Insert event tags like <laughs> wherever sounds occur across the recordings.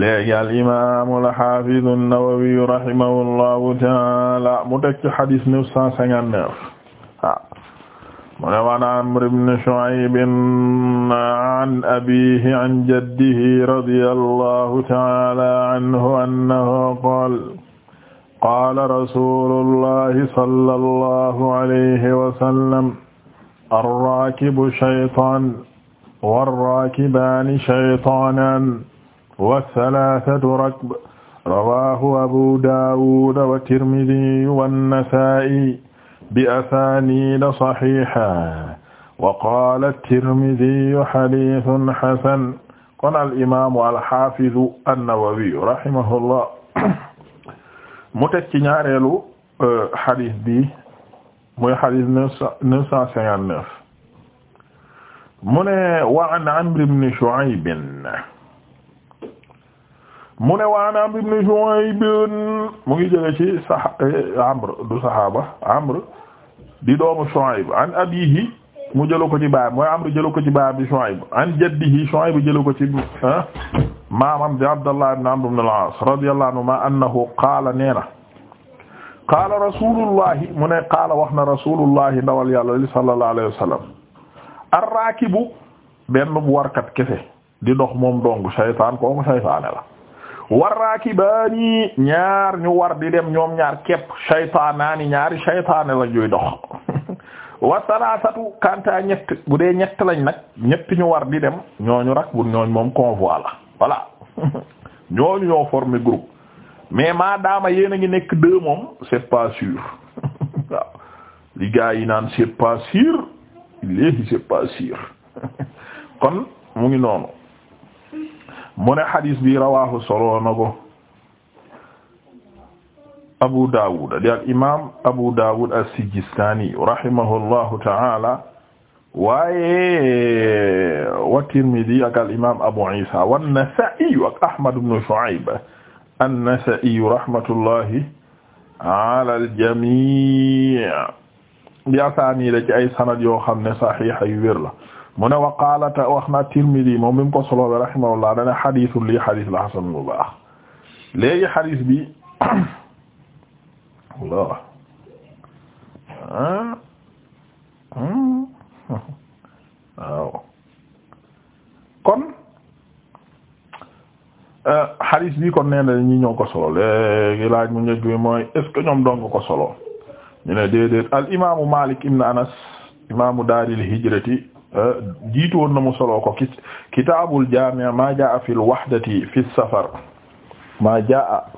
léegi al imaamu al xaafidu an-Nawawi rahimahullahu taala mu teg ci xadis neuf cent cinquante neuf ah mu ne waan Amr ibn Shu'ayb an abiihi an jaddihi radiyallahu taala anhu annahu qaala qaala rasuulullahi sallallahu alayhi wa sallam ar-raakibu shaytaan war-raakibaani shaytaanaan wathalathatu rakb rawahu abu dawud wa tirmidi wannasai bi asanida saxiha wa qala tirmidiyu xaditun xasan kon alimamu alxafidu annawawiyu rahimahullah mu teg ci ñaareelu euh, xadis bi muy xadis neuf cent cinquante neuf mu ne wa an amr ibn shu'ayb mu ne waan Amr ibn Shuayb mu ngi jëlee ci sa eh, Amr du saxaaba Amr di doomu Shuayb an abiihi mu jëloo ko ci baayam mooy Amr jëloo ko ci baayam bi Shuayb an jaddihi Shuayb jëloo ko ci ah, maamam di Abdallah ibn Amr ibn al-As radiyallahu anhuma annahu qaala nee na qaala rasulullahi mu ne qaala wax na rasulullahi ndawal yàlla li sallallahu alayhi wa sallam ar-raakibu benn bu warkat kese di dox moom dong saytaan kooku saytaane la warraakibaani ñaar ñu war di dem ñoom ñaar képp shaytaanaani ñaari shaytaane la ñuy dox <laughs> wa salaasatu kanta ñett bu dee ñett lañ nag ñett ñu war di dem ñooñu rak bu ñooñ moom convoi la voilà <laughs> ñooñu ñoo former groupe mais maa daama yéen a ngi nekk deux moom c'est pas sûr <laughs> waaw yi naan c'est pas sûr léegi c'est pas sûr kon mu ngi noonu mu ne xadis bi rawahu solo na ko Abu Dawud di al imam Abu Dawud as-Sijistani rahimahullahu ta'ala waaye wa Tirmidhi ak al imam Abu Isa wa an-Nasa'i ak Ahmad ibn Shu'ayb an-Nasa'i rahmatullahi ala al-jami' bi asaani la ci ay sanad yoo xam ne saxiixa yu wér la mu ne wa ta wax na Tirmidi moom mi mu ko solo bi rahimahullah dana xadiisul lii xadiis la xasan bu baax léegi xadiis bi ah. kon eh, xadiis bi kon nee na ñi ñoo ko solo laaj mu njëkk bi mooy est ñoom doon ko solo ñu ne déedéet al imaamu Maalik ibn Anas imaamu daaril hijrati jiitu woon na mu solo ko ki kitaabul jaami' maa jaa fil wahdati fi safar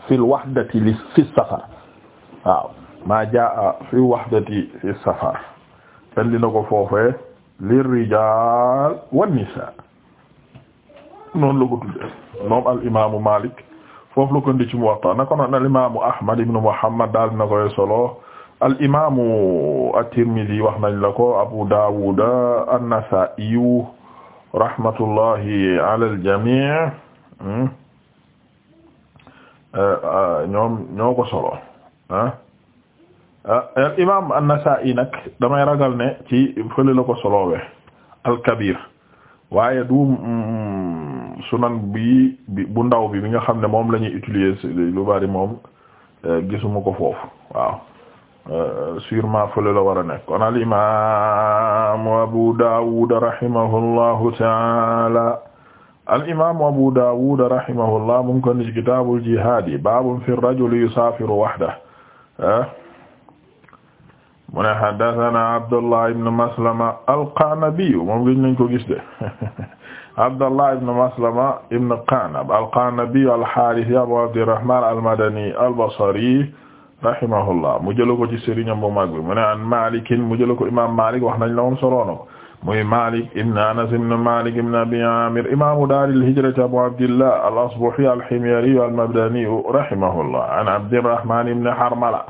fi safar waaw maa jaa fi wahdati fi safar andi ko foofee lir rijaal wan nisaa noonu tudde moom al imaamu Maalik foofu la ko indi ci na ko noon al imaamu Ahmad ibn Muhammad daal na koy solo al imaamu at-Tirmidhi wax nañ la ko Abu Dawud an-Nasa'i rahmatullahi ala al-jami' hmm? eh, ñoom ñoo ko solo ah eh, al imaam an-Nasa'i nag damay ragal ne ci fële la ko soloowe al-Kabir waaye du mm, sunan bi bu ndaw bi bi nga xam ne moom la ñuy lu bari moom eh, gisuma ko foofu waaw. Euh, sûrement fële la war a nekk kon al imam Abu Dawud rahimahullahu taala al imam Abu Dawud rahimahullah mu ngi ko ci kitaabul jihaad yi baabun fi rajuli yusaafiru wahdahu eh? mu ne haddathana Abdullah ibn Maslama al-Qanabi moom gis nañ ko gis de <laughs> Abdullah ibn Maslama ibn Qanab al-Qanabi al-Harithi Abu Abdirrahman al-Madani al-Basri rahimahullah mu jëla ko ci sëriñam bu mag bi mu ne an malikin mu jëla ko imam malik wax nañ la moom soloona ko muy malik ibn anas ibn malik ibn abi amir imamu dar al-hijrati abu abdillah al-asbahi al-himyari al-mabdani rahimahullah an abdirrahman ibn harmala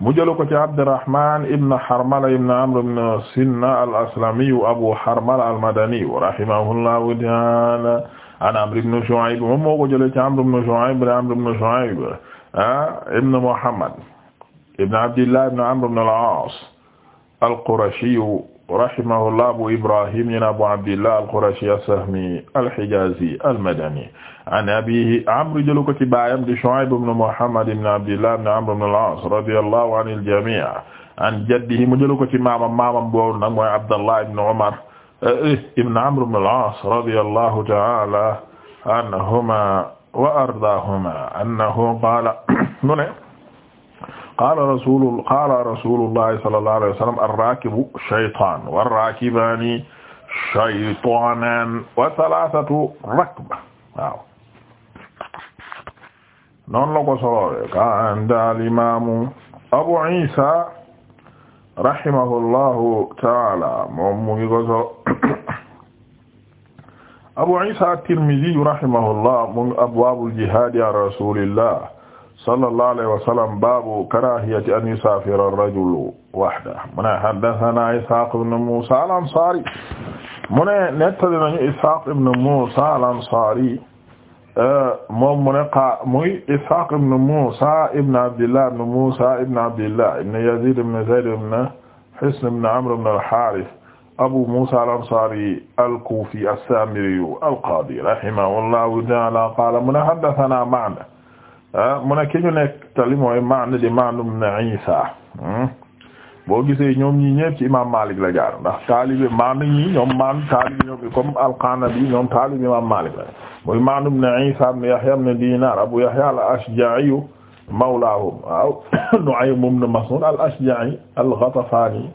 mu jëla ko ci abdirrahman ibn harmala ibn amr ibn sinna al-aslami abu harmala al-madani rahimahullahu ta'ala an amr ibn shu'ayb moom moo ko jële ci amr ibn shu'ayb amr ibn shu'ayb Ah, ibn Muhammad ibn Abdillah ibn Amr ibn al-As al-Qurashi rahimahullah Abu Ibrahim ibn Abu Abdillah al-Qurashi as-Sahmi al-Hijazi al-Madani an abihi Amr jëlu ko ci baayam di Shu'ayb ibn Muhammad ibn Abdillah ibn Amr ibn al-As radiyallahu anil jami' an jaddihi mu jëlu ko ci maamam maamam boobu nag mooy Abdallah ibn Umar eh, eh, ibn Amr ibn al-As radiyallahu ta'ala anhuma wa ardaahuma annahu qaala mu ne qaala rasulu qaala rasulullahi sallallahu alayhi wa sallam arrakibu shaytaan warrakibaani shaytaanaan wa thalathatu rakba waaw noonu la ko soloowe ka anda alimamu Abu Isa rahimahullahu taala moom mu ngi ko so Abu Isa at-Tirmidhi rahimahullah mu abwaabul jihaad ya rasulillah sallallahu alayhi wa sallam baabu karaahiyati an yusaafira ar-rajulu wahdahu mu ne haddathanaa Ishaaq ibn Muusaa al-Ansaari mu ne nettali nañu Ishaaq ibn Muusaa al-Ansaari moom mu ne qa muy Ishaaq ibn Muusaa ibn Abdillah ibn Muusaa ibn Abdillah ibn Yaziid ibn Zayd ibn Hisn ibn Amr ibn al-Haarith abu musa al-ansari al-kufi as-samiri al-qadi rahimahullahu ta'ala qala mun haddathana Ma'n mun ki ñu nettali mooy Ma'n di Ma'n ibn Isa boo gisee ñoom ñi ñépp ci imam Malik la jaar ndax taalibe Ma'n ñi ñoom Ma'n taalibe ñoom comme al-Qanabi ñoom taalibe imam Malik la muy Ma'n ibn Isa ibn Yahya ibn Dinar Abu Yahya al-Ashja'i mawlahum waaw <coughs> Nu'aym ibn Mas'ud al-Ashja'i al-Ghatafani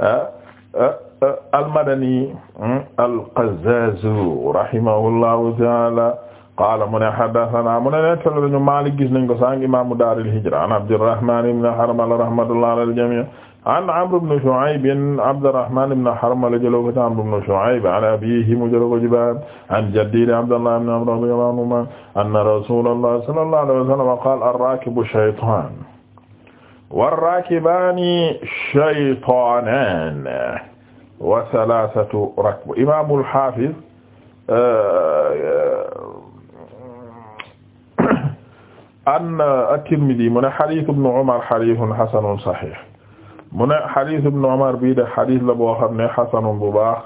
<laughs> Eh, eh, almadani hmm, alqazazu rahimahullahu taala qaala mu ne haddathana mu ne nettali nañu Maalik gis nañ ko sànq imaamu daaril hijra an Abdurrahmaan ibn Harmala rahmatullahi alal jamii an Amr ibn Shu'ayb Abdurrahmaan ibn Harmala jëloo ko ci Amr ibn Shu'ayb an abiihi mu jëloo ko ci baayam an jaddihi Abdullah ibn Amr radiyallahu anhumaa anna rasuulallahi sallallahu alayhi wa sallam qaala ar-raakibu shaytaan warrakibaani shaytaanan wa salaasatu rakb imaamul haafiz an at-Tirmidi mu ne xadis ibn Umar xadisun xasanun saxiix mu ne xadis ibn Umar bii de xadis la boo xam ne xasanun bu baax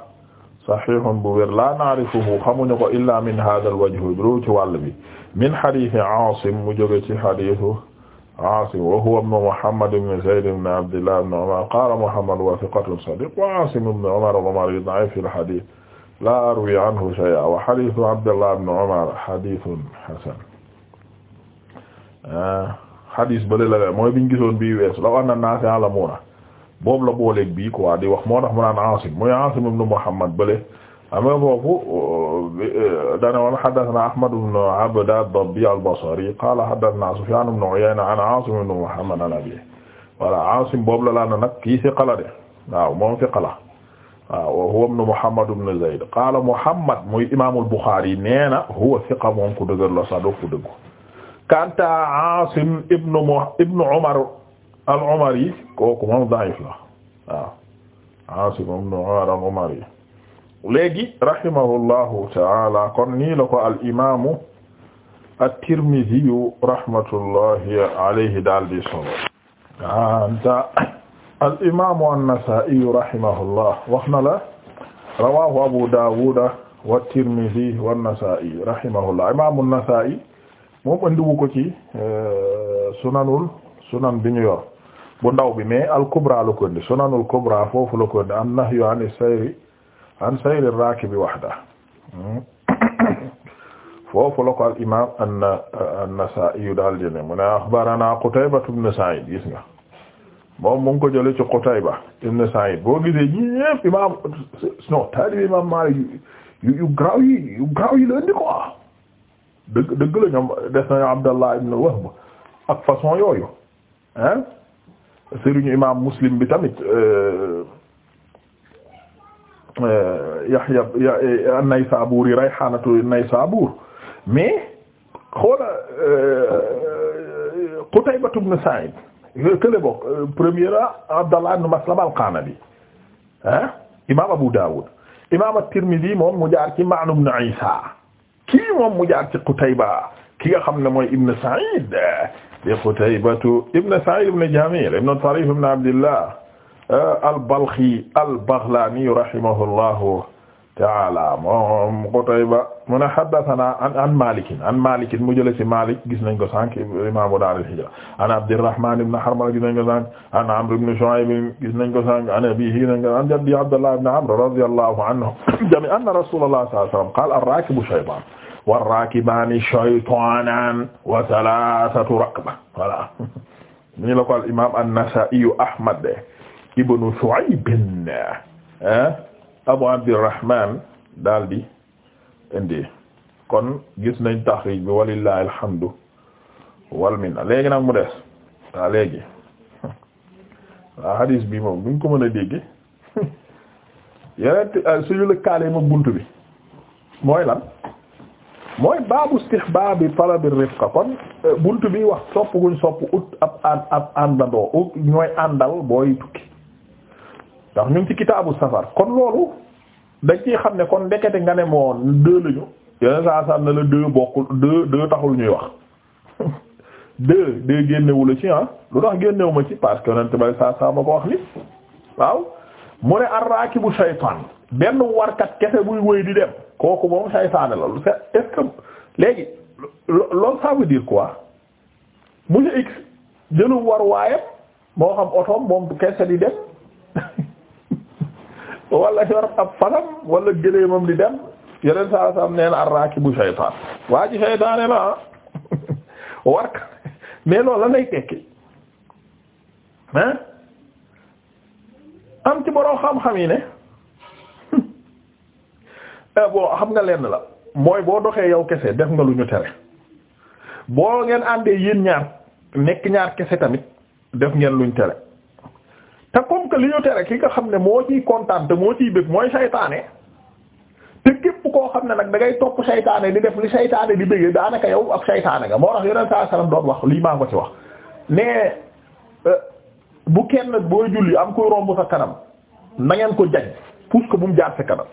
saxiixun bu wér laa naarifuhu xamuñu ko illaa min haadal wajhi ci wàll bi min xadisi Aasim mu jóge ci xadisu Aasim wa huwa ibnu Muhammad ibnu Zayd ibnu Abdillah ibnu Umar qaala Muhammad wa thiqatun sadiq wa Aasim ibnu Umar al-Umari da'iif al-hadiith laa arwi anhu shay'an wa hadiithu Abdillah ibnu Umar hadiithun hasan ah, hadiis ba léeg-léeg mooy bi ñu gisoon bii weesu law anna naasa ya'lamuuna boobu la booleeg bii quoi di wax moo tax mu naan Aasim mooy Aasim ibnu Muhammad bële ama foofu euh, dana woon haddathana Ahmad ibn Abda ad-Dabbi al-Basri qala haddathana Sufyan ibn Uyayna an Asim ibn Muhammad an abi voilà Asim boobu la laa na nag kii siqa la de waaw moom siqa la waaw wa huwa ibn Muhammad ibn Zayd qala Muhammad muy imaamul Bukhari nee na huwa siqa moom ku dëgër la sax ku dëgg kanta Asim ibn ibn Umar al-Umari kooku moom da'if la waaw Asim ibn Umar al-Umari léegi rahimahullahu taala kon nii la ko al imaamu at-Tirmidhi solo anta al imaamu an-Nasa'i rahimahullah wax na Abu Dawud wa at-Tirmidhi wa imaamu an-Nasa'i moom andiwu ko ci euh, sunanul sunan bi ñu yor bu ndaw bi mais al-Kubra la ko indi sunanul Kubra an sayri raakibi wahda foofu la ko al imaam an-Nasaa'i daal di ne mu ne axbaranaa Qutaybatu ibn Sa'iid gis nga moom mu ko jëlee ci Qutayba ibn Sa'iid boo gisee ñépp imaam non taalibe imaam Maalik yu yu graw yi yu graw yi la indi ko dëgg dëgg la ñoom des nañu Abdallah ibn Wahb ak façon yooyu ah sëriñu imaam Muslim bi tamit. Euh, Euh, Yahya euh, an-Naysaburi rayhanatu an-Naysabur mais xoola euh, Qutayba ibn Sa'id kële bokk premier Abdallah ibn Maslama al-Qanabi ah imam Abu Dawud imam at-Tirmidhi moom mu jaar ci Ma'n ibn Isa kii moom mu jaar ci Qutayba ki nga xam ne mooy ibn Sa'id di Qutaybatu ibn Sa'id ibn Jamil ibn Tarif ibn Abdillah Euh, al-Balkhi al-Baghlani rahimahullahu ta'ala moom Qutayba mu ne haddathana an an Malik an Malik mu jëlee ci Malik gis nañ ko sànq imaamu daar al-hijra an Abdurrahman ibn Harmala gis nañ ko sànq an Amr ibn Shu'ayb gis nañ ko sànq an abiihi gis nañ ko an jaddi Abdullah ibn Amr radiyallahu anhu <coughs> jamii'an anna Rasulullah sallallahu alayhi wa sallam qaala ar-raakibu shaytaan war-raakibaani shaytaanaan wa thalathatu rakba voilà <laughs> ni la ko al imaam an-Nasaa'i Ahmad ibnu Shuayb Abu Abdirrahman daal di indi kon gis nañ taxrij bi walillahi alhamdu wal léegi nag mu des waaw léegi waaw hadis bi moom buñ ko mën a dégg yeneen euh, suñu lëkkaale ma bunt bi mooy lan mooy baabu istihbaabi talabi rifqa kon euh, bunt bi wax sopp guñ sopp ut ab ab àndandoo ut ñooy àndal booy tukki ndax ñu ngi ci kitaabu safar kon loolu dañ ciy xam ne kon ndekete nga ne moo deux lañu yeneen saa saa na la deux bokkul deux deux taxul ñuy wax <laughs> deux deux génnewu la ci ah lu tax génnewu ma ci parce que yonent bari saa saa ma ko wax ni waaw mu ne arraakibu shaytaan benn warkat kese buy wëy di dem kooku moom shaytaane la lu est-ce que léegi loolu ça veut dire quoi monsieur X jëlu war waayam moo xam otoom moom kese di dem. wala yor ab fasam wala gëléemam li dem yeneen saa saam nee na arraakibu shaytaan waa ji shaytaane la ah <laughs> war mais loolu lan lay tekki ah am ci borom xam-xam yi ne <laughs> eh, boo xam nga lenn la mooy boo doxee yow kese def nga lu ñu tere boo ngeen àndee yéen ñaar nekk ñaar kese tamit def ngeen luñ tere. te comme que li ñu tere ki nga xam ne moo ciy kontaan te moo ciy bëgg mooy saytaane te képp koo xam ne nag da ngay topp saytaane di def li saytaane di bëggee daanaka yow ak saytaane nga moo tax yeneen saa salaam doon wax lii maa ko ci wax mais euh, bu kenn booy julli am koy romb sa kanam na ngeen ko jañ puus ko bu mu jaar sa kanam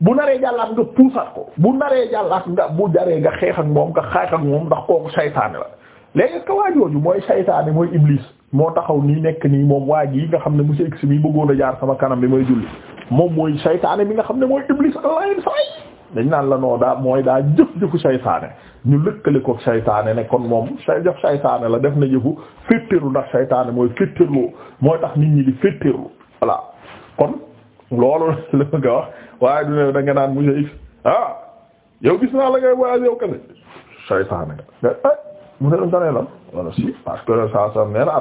bu naree jàllaat nga puusat ko bu naree jàllaat nga bu jaree nga xeex ak moom nga xeex ak moom ndax kooku saytaane la léegi ka waajooju mooy moo taxaw nii nekk nii moom waa ji nga xam ne monsieur X bi bëggoon a jaar sama kanam bi may julli moom mooy saytaane bi nga xam ne mooy iblis alayen dañ naan la noo daa mooy daa jëf ñu lëkkale ko saytaane ne kon moom say jëf saytaane la def na jëfu féttéerlu ndax seytaane mooy féttéerlu mooy tax nit ñi di féttéerlu voilà kon loolu <laughs> la nga wax waaye du ne da naan monsieur X ah yow gis naa la ngay voyage yow kese saytaane nga mu ne nga ne lan wala si parce que saa bi yaa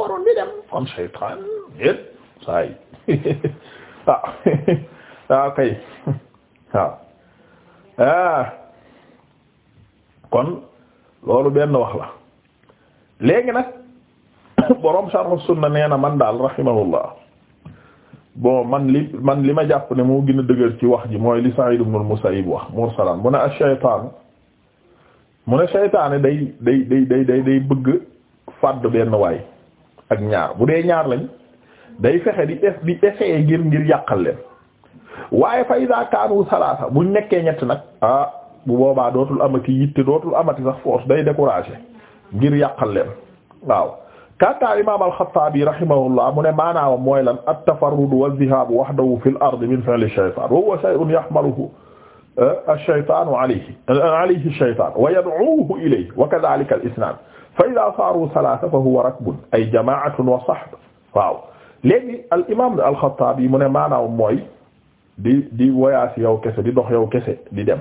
waroon dem kon shaytaan yéen saa yi <laughs> ah, <laughs> ah, <laughs> ah kon loolu benn wax la léegi nag <coughs> borom Sharh Sunna nee na man daal rahimahullah bon man li man li ma jàpp ne moo gën a ci wax ji mooy li Sa'id ibn al-Musayyib wax mursalan mu ne ash-shaytaan mu ne seytaane day day day day day day bëgg fàdd benn waay ak ñaar bu dee ñaar lañ day fexe di es di essayer ngir ngir yàqal leen waaye fa iza kaanu salaasa bu nekkee ñett nag ah bu boobaa dootul amati yitte dootul amati sax force day découragé ngir yàqal leen waaw kanta imam al-Xattaabi rahimahullah mu ne maanaam mooy lan at-tafarrud wa adh-dhihab wahdahu fil ardi min fi'li shaytaan wa huwa shay'un yahmaluhu Ah ash-shaytaanu alayhi alayhi ash-shaytaan wa yad'uuhu ilayhi wa kadhaalika al-isnaad fa idhaa saaruu thalaatha fa huwa rakbun ay jamaa'atun wa sahb waaw léegi al imaam al-Xattaabi mu ne maanaam mooy di di voyage yow kese di dox yow kese di dem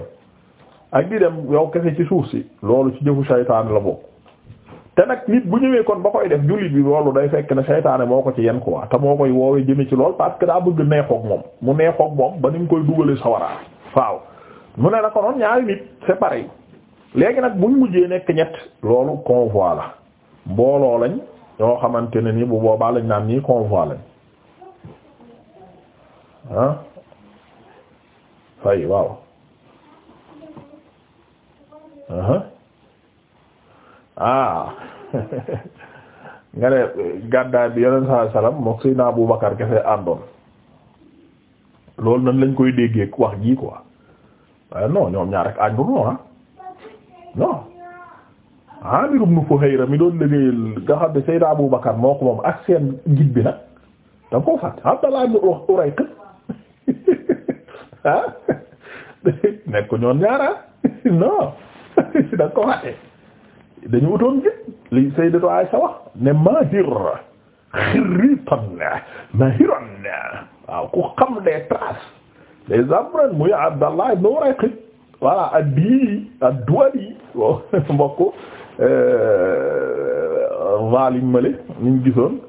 ak di dem yow kese ci suuf si loolu ci jëfu shaytaan la bokk te nag nit bu ñëwee kon ba koy def jullit bi loolu day fekk ne seytaane moo ko ci yenn quoi te moo koy woowee jëme ci lool parce que daa bëgg neexoog moom mu neexoog moom ba ni mu koy dugalee sawaraa waaw mu ne la ko noonu ñaari nit c'est pareil léegi nag buñ mujjee nekk ñett loolu convoi la mbooloo lañ ñoo xamante ne ni bu boobaa lañ naan ñii convoi lañ ah fay waaw ah <laughs> nga ne gàddaay bi yonent saa salaam mook Seydina Abubakar kese àndoon loolu nan lañ koy déggee wax ji quoi. Euh, non ñoom ñaar rek ànduloo ah non Amir ibn Fuhayra mi doon liggéeyal nga xam ne Seydina Abu moo ko moom ak seen guide bi nag da ko ñoon ñaara non <laughs> da ko fàtte ne mahir xiritan waaw ku xam des traces les Zamran muy Abdallah ibn Urayqit voilà ad-Dili ad-Duwali <laughs> mbokk euh, zalim male ñu ngi gisoon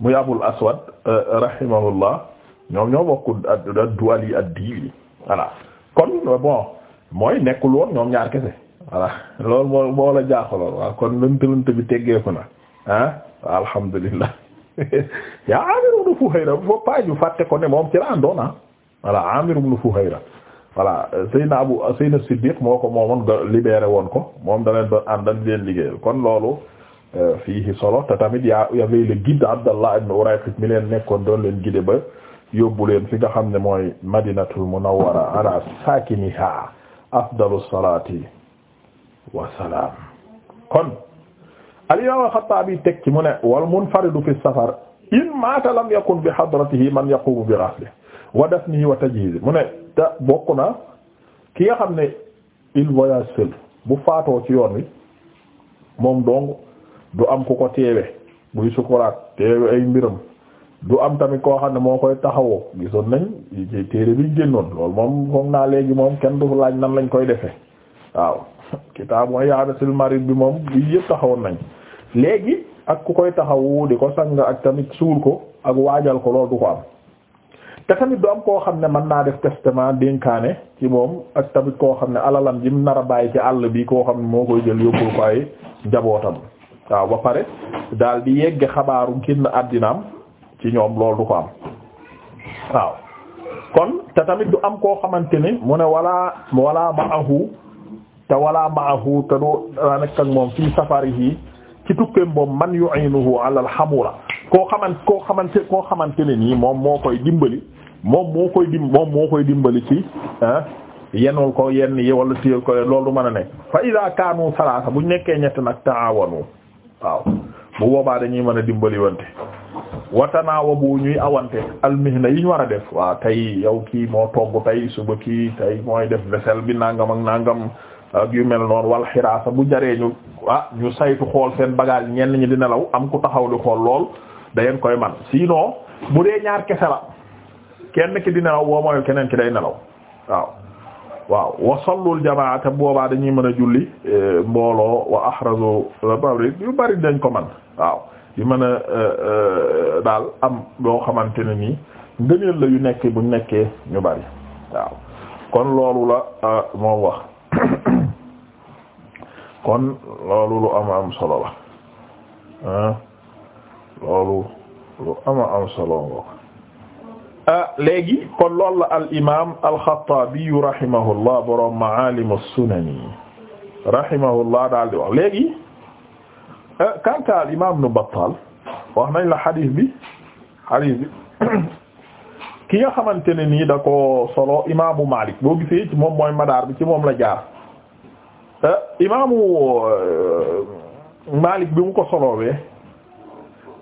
muy Abul Aswad euh, rahimahullah ñoom ñoo bokk ad-Duwali ad-Dili voilà kon bon mooy nekkul woon ñoom ñaar kese voilà loolu moo moo la jaaxaloon waaw kon lënt lënt bi teggeeku na ah alhamdulillah <laughs> yaa u ibn Fuhayra bu fa paju fàtte ko ne moom ci la voilà Amir ibn Fuhayra voilà Seydina Abu Seydina Siddiq moo ko moomoon libéré woon ko moom da leen doon àndal di leen liggéeyal kon loolu euh, fii solo te tamit yaa yavey le guide Abdallah ibn Urayqit mi leen nekkoon doon leen guide ba yóbbu leen fi nga xam ne mooy Madinatul Munawwara ala sakiniha afdalu salati wa salaam kon al-imam al-Khattabi teg ci mu ne wal munfaridu fi safar in maata lam yakun bi hadratihi man yaqumu bi ghaslihi wa dafnihi wa tajhiizi mu ne te bokk na ki nga xam ne il voyage seul bu faatoo ci yoon wi moom dong du am ku ko teewe buy sukuraat teewe ay mbiram du am tamit koo xam ne moo koy taxawoo gisoon nañ ci téere bi génnoon loolu moom foog naa léegi moom kenn du laaj nan lañ koy defee waaw <laughs> kitaabu iyaadatul marid bi moom bi yëpp taxawoon nañ léegi ak ku koy taxawu di ko sang ak tamit suul ko ak waajal ko loolu du ko am te tamit du am koo xam ne mën naa def testament dénkaane ci moom ak tamit koo xam ne alalam ji mu ci àll bi koo xam ne moo koy jël yóbbul ko ay njabootam waaw ba pare daal di yegge xabaaru génn àddinaam ci ñoom loolu du ko am waaw kon te tamit du am koo xamante ni mu ne walaa walaa maahu te walaa maahu te du daa nekk ak moom fii safarihi ci tukkeem moom man yu'inuhu ala al-hamula koo xamante koo ko koo xamante ne nii moom moo koy dimbali moom moo koy dim moom moo koy dimbali ci ah yenul ko yenn yi wala téyal ko loolu mën a nekk fa ida kaanu salaasa buñ nekkee ñett nag taawanu waaw bu boobaa dañuy mën a dimbali wante watanaawa bu ñuy awante almihna yi ñu war a def waa tey yow kii moo togg tey suba kii tey mooy def vaisselle bi nangam ak nangam ak yu mel noon wal xiraasa bu jaree ñu ah ñu saytu xool seen bagage ñenn ñi di nelaw am ku taxaw di xool lool dayeen koy man sinon bu dee ñaar kese kenn ki di nelaw boo mooy keneen ki day nelaw waaw waaw wa sallul jamaata boobaa dañuy mën a julli eh, mbooloo wa ahrazu bari yu bari dañ ko man waaw di mën a eh, eh, daal am loo xamante ne nii ngëneel la yu nekk bu nekkee ñu bari waaw kon loolu la moom wax <coughs> kon loolu lu ama am solo la loolu lu ama am solo ngook Ah, léegi kon loolu la al imaam al-Xattaabi rahimahullah borom Maalim as-Sunani rahimahullah daal di wax léegi. kanta ah, al imaam Ibn Battal wax nañ la xadis bi <coughs> ki nga xamante ne nii da solo imaamu Maalik boo gisee ci moom mooy madaar bi ci moom la jaar. Ah, imaamu Maalik bi mu ko solowee.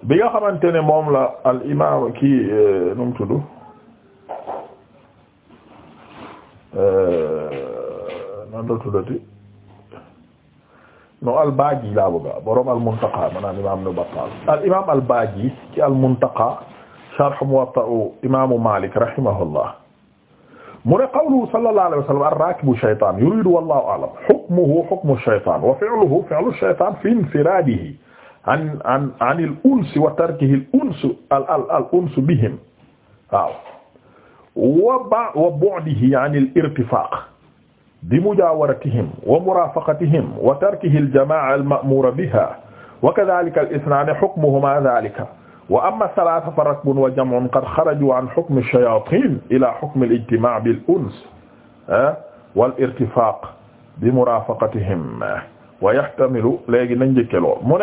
bi nga xamante ne moom la al imaam kii euh, nu mu tudd euh, nan la tuddati no al Baaji laa bëgga borom al Muntaqa maanaam imaam Ibn Battal al imaam al Baaji ci al Muntaqa sharh Muwatta imaamu Maalik rahimahullah mu ne qawluhu sallallahu alayhi wa sallam ar-raakibu shaytaan yuriidu wallaahu a'lam hukmuhu hukmu shaytaan wa fi'luhu fi'lu shaytaan fi infiraadihi an an anil unsi wa tarkihil unsu al al al unsu bihim waaw wa ba wa bu'dihi anil irtifaq bi mujaawaratihim wa murafaqatihim wa tarkihil jamaa'a al ma'mura biha wa kadhalika al ithnaani hukmuhuma dhalika wa amma thalatha fa rakbun wa jam'un qad kharaju an hukm ash-shayatin ila hukm al-ijtima' bil uns eh, wal irtifaq bi murafaqatihim wa yahtamilu léegi nañ njëkke lool mu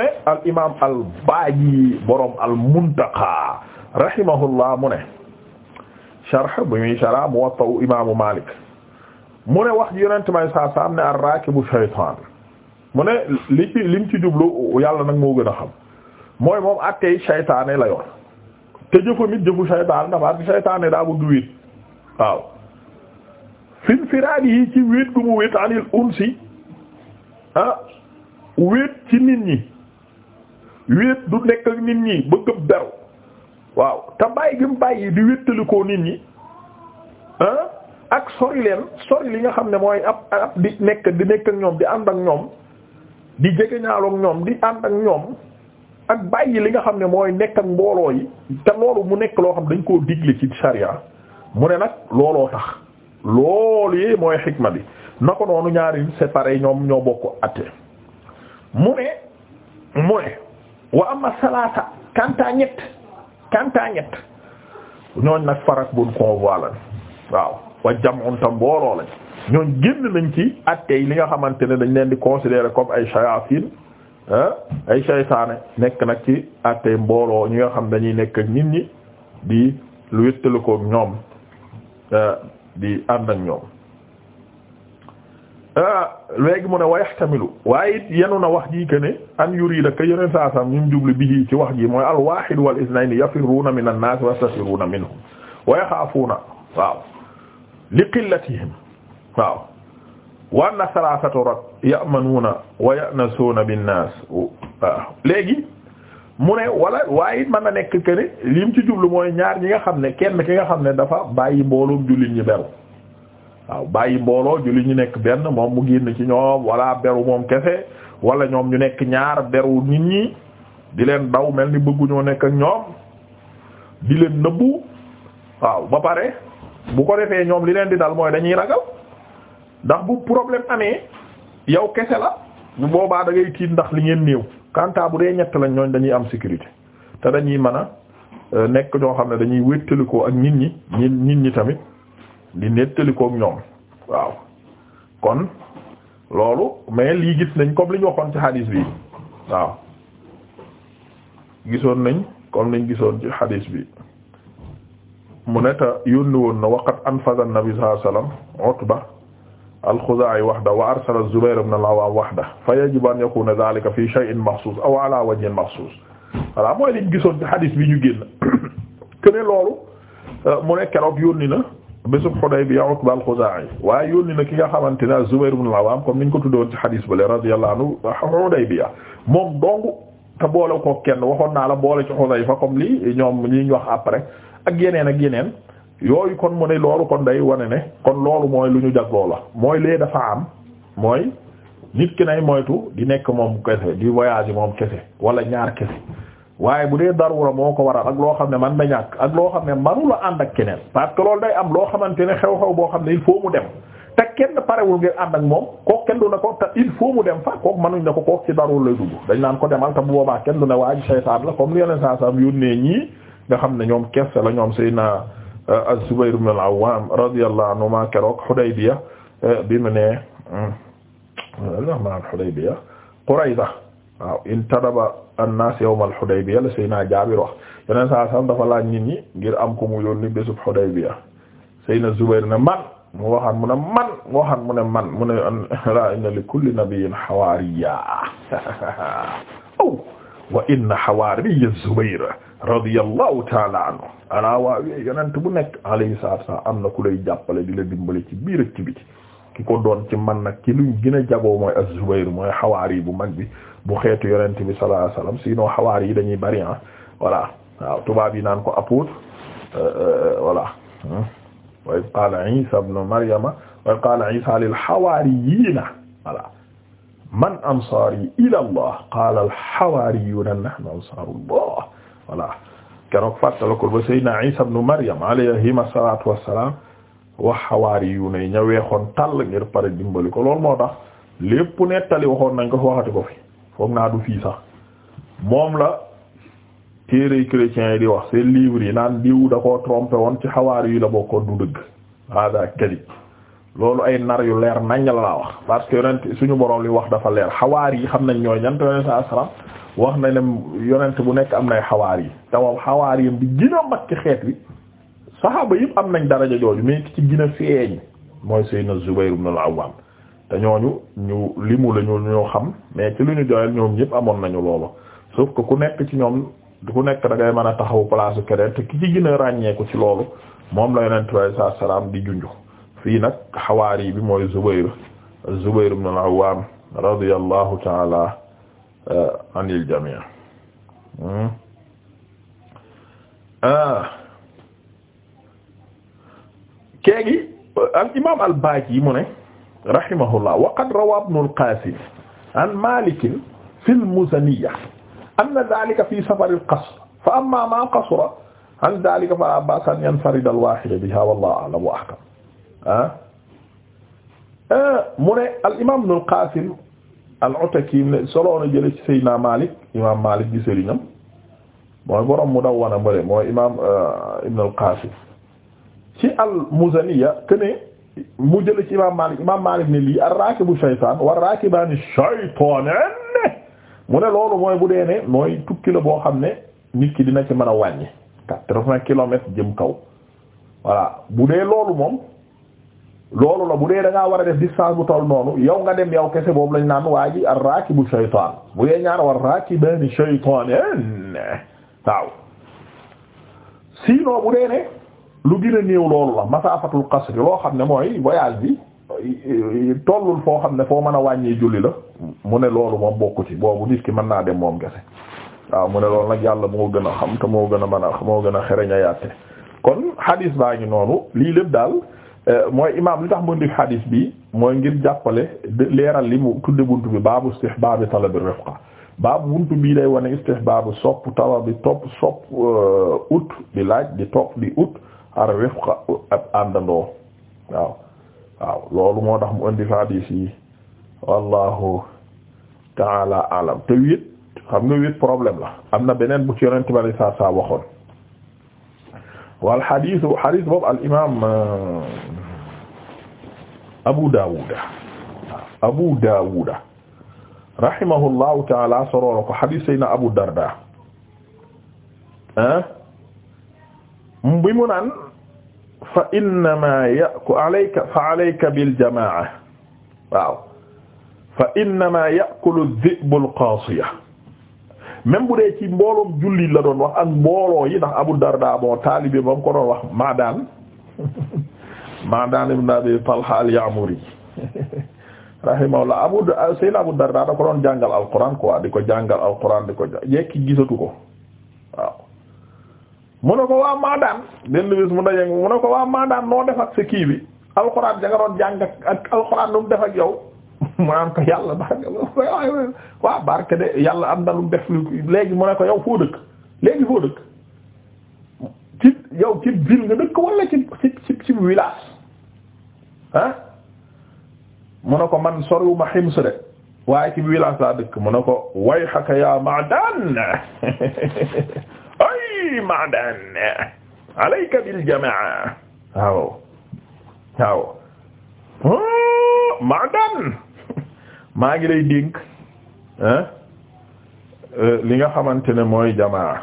al baaji borom al muntaqa rahimahullah mu ne sharh bu muy sharh muwatta malik mu wax ji yonent may saa sa ne ar rakibu shaytan mu li lim ci jublu yàlla nag moo gën a xam mooy moom attey shaytaane la yor te jëfamit jëfu shaytaan dafa ak shaytaane daa bëgg wéet waaw fin firaadi ci wéet gu mu wéet anil unsi ah wéet ci nit ñi wéet du nekk ak nit ñi bëgg beru waaw te bàyyi gi mu bàyyi di wéttalikoo nit ñi ah ak sori leen sori li nga xam ne mooy ab ab di nekk di nekk ak ñoom di ànd ak ñoom di jege ñaaloog ñoom di ànd ak ñoom ak bàyyi li nga xam ne mooy nekk ak mbooloo yi te loolu mu nekk loo xam dañ koo digle ci sharia mu ne nag looloo tax loolu yi mooy xikma bi na ko noonu ñaari c'est ñoom ñoo bokk atte mu ne mu ne wa ama salaasa kanta ñett kanta ñett ñooñ nag farak bun convoi lan waaw wa jam'un tam booloo lañ ñooñ génn nañ ci atte li nga xamante ne dañ leen di considérer comme ay shayatin ay shaytaane nekk nag ci atte mbooloo ñi nga xam dañuy nekk ak nit ñi di lu wéttalu ko ñoom euh, di ànd ak ñoom Ah, léegi mu ne wa yaxtamilu waaye it yenu na wax jii que ne an yurida ka yeneen saa sam ñu jublu bi ci wax ji mooy al wahid wal isnayni yafirruuna min an naas wastafiruuna minhu wa yaxaafuuna waaw li qillatihim waaw wa anna salaasata rat ya'manuuna wa ya'nasuuna bin naas waaw léegi mu ne wala waaye it mën na nekk que ne lim ci jublu mooy ñaar ñi nga xam ne kenn ki nga xam ne dafa bàyyi mbooloom jullit ñi beru waaw bàyyi mbooloo julli ñu nekk benn moom mu génn ci ñoom wala beru moom kese wala ñoom ñu nekk ñaar beru nit ñi di leen daw mel ni bëgguñoo nekk ak ñoom di leen nëbbu waaw ba pare bu ko defee ñoom li leen di dal mooy dañuy ragal ndax bu problème amee yow kese la bu boobaa da ngay tiit ndax li ngeen néew kanta bu dee ñett lañ ñooñ dañuy am sécurité te dañuy mën a euh, nekk ñoo xam ne dañuy wéttalikoo ak nit ñi nit ñi tamit di nettali kook ñoom waaw kon loolu mais lii gis nañ kom li ñu waxoon ci hadis bi waaw gisoon nañ comme liñ gisoon ci hadis bi mu ne yónni woon na waqat anfaza an-nabi sallallahu alayhi wasallam Utba al-Khuzaa'i wahda wa arsala az-Zubayr ibn al-Awwam wahda fa yajibu an yakuna dhalika fi shay'in maxsuus aw ala wajhin maxsuus voilà mooy liñ gisoon ci hadis bi ñu génn que <coughs> ne loolu mu ne keroog yónni na bésub Hudaybiya bi al-Xuzaa'i waaye yónni na ki nga xamante ne Zubayr ibn al-Awaam comme niñ ko tuddoon ci xadiis bale radiyallahu anhu Hudaybiya moom dong te boole ko kenn waxoon naa la boole ci fa comme li ñoom ñi ñu wax après ak yeneen ak yeneen yooyu kon mu ne loolu kon day wane ne kon loolu mooy lu ñu jagloo la mooy lee dafa am mooy nit ki nay moytu di nekk moom kese di voyage moom kese wala ñaar kese waaye bu dee la moo ko waral ak loo xam ne man da ñàkk ak loo xam ne manula ànd ak keneen parce que loolu day am loo xamante ne xew boo xam ne il mu dem te kenn parewul ngir ànd ak moom kook kenn du ne ko il faut mu dem fa kook manuñ ne ko kook ci darul lay dugg dañ naan ko demal te bu boobaa kenn du ne waa ji saytaan la comme li yeneen saa saa yónnee ñii nga xam ne ñoom kese la ñoom Seydina euh, Az-Zubayr ibn al-Awwam radiyallahu anhuma keroog Hudaybiya euh, bi mu ne hmm, la maanaam Hudaybiya Qurayza waaw in tadaba annaas yawmal Hudaybiya la naa Jaabir wax yeneen saa sax dafa laaj nit ñi ngir am ko mu yónni bésub Hudaybiya Seydina Zubayr ne man mu mu man mu waxaat mu ne man mu ne laa inna li kulli nabiyyin hawaariya <laughs> wa inna hawaariya Zubayr radiyallahu ta'ala anhu bu nekk alayhi na ku lay jàppale di la dimbale ci biir ak ci biti ki ko doon ci man nag ki luñ gën jagoo mooy az-Zubayr xawaari bu mag bi bu xeetu yonent bi sallallahu alayhi wasallam sinon xawaar yi dañuy bari ah voilà waaw tubaab yi naan ko apôtre euh, euh, voilà wa qaala Isa ibnu Maryama wa qaala Isa lil xawaariyiina ko man ansaari ila Allah qaala al xawaariyuuna nahnu ansaarullah voilà keroog fàttalikul ba Seydina Isa ibnu Maryam alayhima salaatu wa salaam wax xawaariyuuna yi ña weexoon tàll ngir pare dimbali ko loolu moo tax lépp nettali waxoon nañ ko waxati ko foog naa du fii sax moom la téere chrétiens yi di wax seen livre yi naan diw da ko trompé woon ci xawaar yi la bokkoon du dëgg hada kadib loolu ay nar yu leer nañ la laa wax parce que yonent suñu boroom li wax dafa leer xawaar yi xam nañ ñooy ñant yonent sa asram wax na ne yonent bu nekk am nay xawaar yi te moom xawaar yi bi gën mag ci xeet wi saxaaba yëpp am nañ daraja jooju mais ci gën feeñ mooy Seydina Zubayr ibn al-Awwam te ñooñu ñu limu la ñu ñoo xam mais ci lu ñu doyal ñoom ñëpp amoon nañu loolu sauf que ku nekk ci ñoom ku nekk da ngay mën a taxawu place keneen te ki ci gën ràññeeku ci loolu moom la yonent bi alayhi salaam di junj fii nag xawaari bi mooy Zubayr Zubayr ibn al-Awwam radiyallahu ta'ala eh, anil jami' hmm? ah. keegi al imaam al-Baqi mu ne rahimahullah wa qad rawaa Ibnul Qaasim an Maalik fil Muzaniyya anna dhaalika fii safaril qasr fa ammaa maa qasura an dhaalika falaa ba'sa an yanfarida al-waahid bihaa wallaahu a'lam wa ahkam ah. ah mu ne al imaam Ibnul Qaasim al-Ataki ne solo na jëlee ci Seydina Maalik imaam Maalik di sëriñam mooy borom Mudawwana mooy imaam ah, Ibnul Qaasim ci al-Muzaniyya mu jële ci imaam Maalik imaam Maalik ne lii ar-raakibu shaytaan war-raakibaani shaytaanaan mu ne loolu mooy bu dee ne mooy tukki la boo xam ne nit ki dina ci mën a wàññi quatre-vingts jëm kaw voilà bu dee loolu moom loolu la bu dee da ngaa war a def distance bu toll noonu yow nga dem yow kese boobu lañ naan waa ji bu raakibu shaytaan bu dee ñaar war-raakibaani shaytaanaan waaw sinon bu dee ne lu gën a néew loolu la masaafatul qasri loo xam ne mooy voyage bi tollul foo xam ne foo mën a wàññee julli la mu ne loolu moom bokku ci boobu nit ki mën naa dem moom gese waaw mu ne loolu nag yàlla moo gën a xam te moo gën a mën a moo gën a xereñ yàtte kon hadis baa ngi noonu lii lépp daal eh, mooy imaam li tax mu di hadis bi mooy ngir jàppale leeral li mu tudde buntu bi baabu istihbaabi talabi rifqa baabu buntu bii day wane istihbaabu sopp talabi topp sopp eh, ut di laaj di topp di ut ar wifqa ab loolu moo tax mu indi hadis yi wallahu taala alam te wéet xam nga wéet problème la am na beneen bu ci saa saa waxoon wal hadis hadis al imaam uh, Abu Daawuda Abu Daawuda taala soroona ko hadis sayna Abu Darda ah bi mu naan fa innama yaku alayka fa alayka bil jamaa waaw fa innama yakulu dhi'bu al qaasiya même bu dee ci mbooloom julli la doon wax ak mbooloo yi ndax Abu Darda boo taalibe ba mu ko doon wax Maadaan <laughs> Maadaan ibn Abi Talha al-Ya'muri <laughs> Abu Sayyid ko doon jàngal alquran quoi di ko jàngal alquran di ko ko mun ne ko waa maadaan benn bis mu dajeeg mu ne ko waa maadaan noo def ak sa kii bi alxuraan da jàng ak alxuraan nu mu def ak yow <laughs> mu naan ko yàlla <laughs> barke de yàlla am na lu def léegi mu ne ko yow foo dëkk léegi foo dëkk ci yow ci ville nga dëkk wala ci ci ci ci village ko man soriwuma Hims de waaye ci village laa dëkk mu ne ko way xaka yaa maadaan <laughs> fii ma'dan alayka hmm, maa ngi lay dénk li nga xamante ne mooy jamaa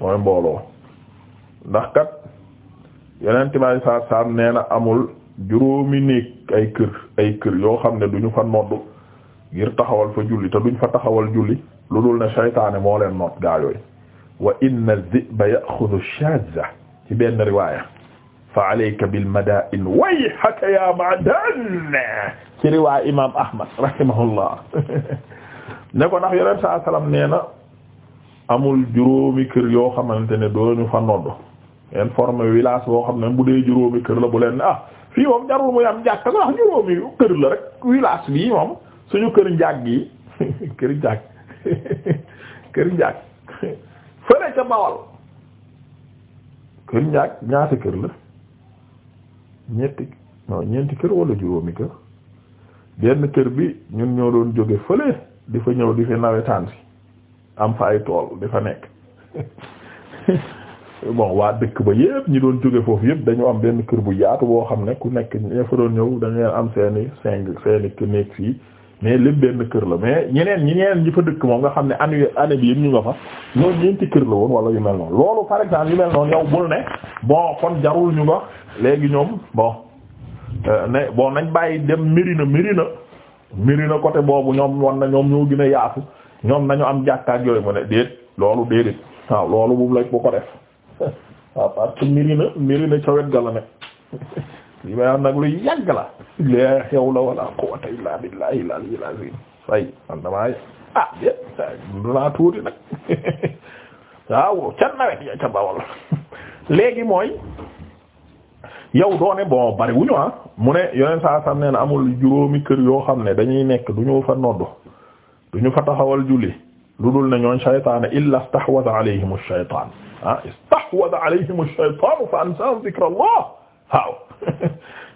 mooy mbooloo ndax kat yeneen tibaay saa saam nee na amul juróomi néeg ay kër ay kër yoo xam ne duñu fa nodd ngir taxawal fa julli te ñu fa taxawal julli lu dul ne seytaane moo leen noot gaa wa inna dhi'ba ya'khudhu ash-shadha ci benn riwaaya fa alayka bil madaa'in wayhaka ya ma'dan ci riwaaya imaam Ahmad rahimahullah <laughs> ne ko ndax yonent saa salaam nee na amul juróomi kër yoo xamante ne dooñu fa nodd leen forme village boo xam ne bu dee juróomi kër la bu leen ah fii moom jarul muy am jàkk sax juróomi kër la rek village bii moom suñu kër njàgg yi <laughs> kër njàgg <laughs> kër njàgg fële ca bawal kër ñaag ñaata kër la ñetti non ñeenti kër wala juróomi kër benn kër bi ñun ñoo doon jóge fële di fa ñëw di fa nawetaan si am fa ay tool di fa nekk <laughs> bon waa dëkk ba yépp ñi doon jóge foofu yépp dañu am benn kër bu yaatu woo xam ne ku nekk ña fa doon ñëw dañu am seeni cinq seeni néeg fii mais lépp benn kër la mais ñeneen ñi ñeneen ñi fa dëkk moom nga xam ne année année bi ñu nga fa ñoom ñeenti kër la woon wala yu mel noonu loolu par exemple yu mel noonu yow bul ne bon kon jarul ñu nga léegi ñoom bon euh, ne bon nañ bàyyi dem Mérina Mérina Mérina côté boobu ñoom wan ñoom ñoo gën a yaatu ñoom nañu am jàkkaak yooyu mu ne déet loolu déedéet waaw loolu bu mu lañ bu ko def <laughs> waaw parce que Mérina Mérina ca wet ga <laughs> li la la hawla wala quwwata ah, <laughs> <laughs> mooy yow doone bon bari wuñu ah mu ne yoneen saa sam ne amul juróomi kër yoo xam ne dañuy nekk du ñu fa nodd du ñu fa taxawal julli lu dul ne ñoon shaytaana illa istahwaza alayhim ash-shaytaan ah istahwaza waaw <laughs>